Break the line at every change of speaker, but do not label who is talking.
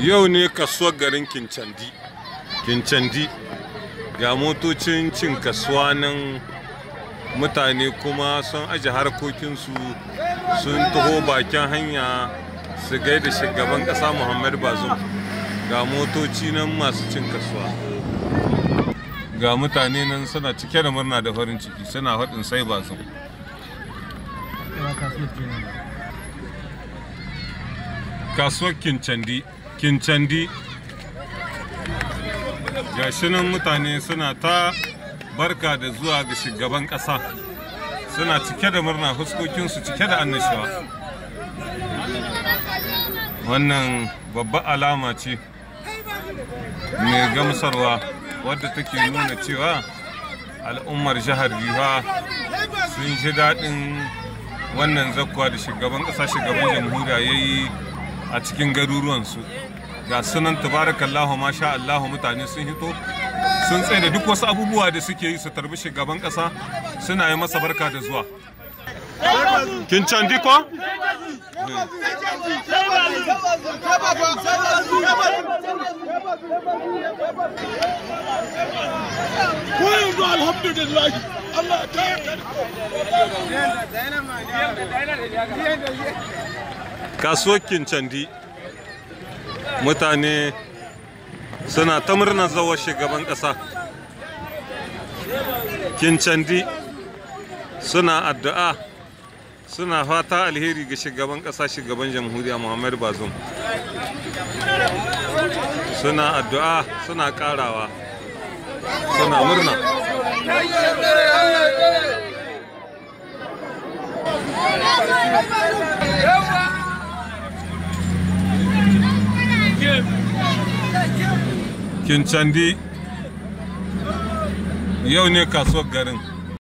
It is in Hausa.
yau ne kasuwar garin kincandi kincandi ga motocin cin kasuwa nan mutane kuma sun aji harkokinsu sun taho bakin hanya su gaida shugaban ƙasa muhammad bazum ga motoci nan masu cin kasuwa ga mutane nan suna cike da murna da farin ciki suna haɗin sai bazum kasuwar kincandi kincandi gashinin mutane suna ta barka da zuwa ga shugaban ƙasa suna cike da murna huskokinsu cike da annashuwa wannan babba alama ce mai gamsarwa wadda take nuna cewa al'ummar jihar riwa sun ji daɗin wannan zakuwa da shugaban ƙasa shugaban jamhuriya ya yi a cikin garuruwansu ga sunan tabarakallahu sha Allahu mutane sun hito sun tsaye da duk wasu abubuwa da suke yi su tarbi shugaban kasa suna yi masa barka da zuwa kin canji ko kasuwar kincandi mutane suna ta murnar zawar shugaban ƙasa kincandi suna addu'a suna fata alheri ga shugaban ƙasa shugaban jamhuriya muhammad bazum suna addu'a suna ƙarawa suna murna Yeah, kincandi yau ne kasuwar garin